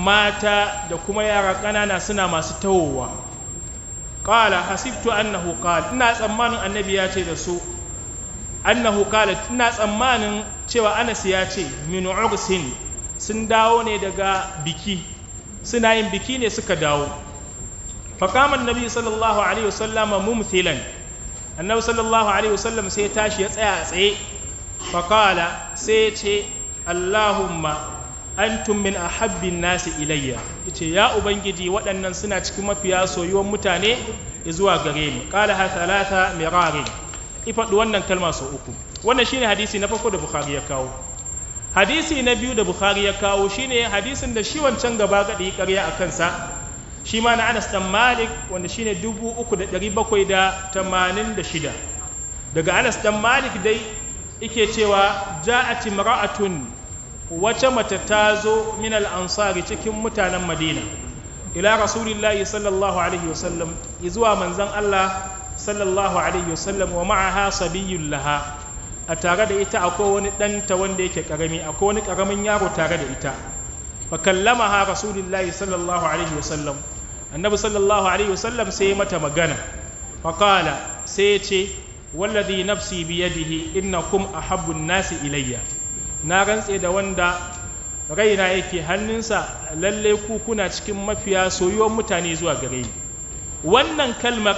mata da kuma yara ƙanana suna masu tawowa ƙala hasibtu an na hukali ina tsammanin annabi ya ce da su an na hukali ina tsammanin cewa anasi ya ce minu ursin sun dawo ne daga biki suna yin biki ne suka dawo faƙaman nabi sallallahu alaihi wasallama mumthilan annabi sallallahu alaihi wasallam sai tashi ya tsaye a tsaye faƙala sai ce allahumma antum min ahabbin nasi ilayya yace ya ubangiji waɗannan suna cikin mafiya soyuwar mutane zuwa gare ni qala ha thalatha ifa du wannan kalma sau uku wannan shine hadisi na farko da bukhari ya kawo hadisi na biyu da bukhari ya kawo shine hadisin da shi wancan gaba gadi ƙarya a kansa shi ma na anas dan malik wanda shine 3786 daga anas dan malik dai yake cewa ja'ati mara'atun Wace mace ta zo min al'ansari cikin mutanen madina ila rasulillahi sallallahu alaihi wasallam zuwa manzan Allah sallallahu alaihi wasallam wa ma'aha sabiyun laha a tare da ita akwai wani ɗanta wanda yake ƙarami akwai wani ƙaramin yaro tare da ita fa ha rasulillahi sallallahu alaihi wasallam annabi sallallahu alaihi wasallam sai mata magana fa qala sai ya ce wallazi nafsi biyadihi innakum ahabbun nasi ilayya na rantse da wanda raina yake hannunsa lalle ku kuna cikin mafiya soyuwar mutane zuwa gare ni wannan kalmar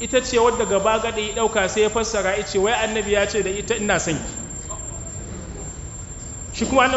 ita ce wadda gaba gada ya ɗauka sai ya fassara ya ce wai annabi ya ce da ita ina son ki shi kuma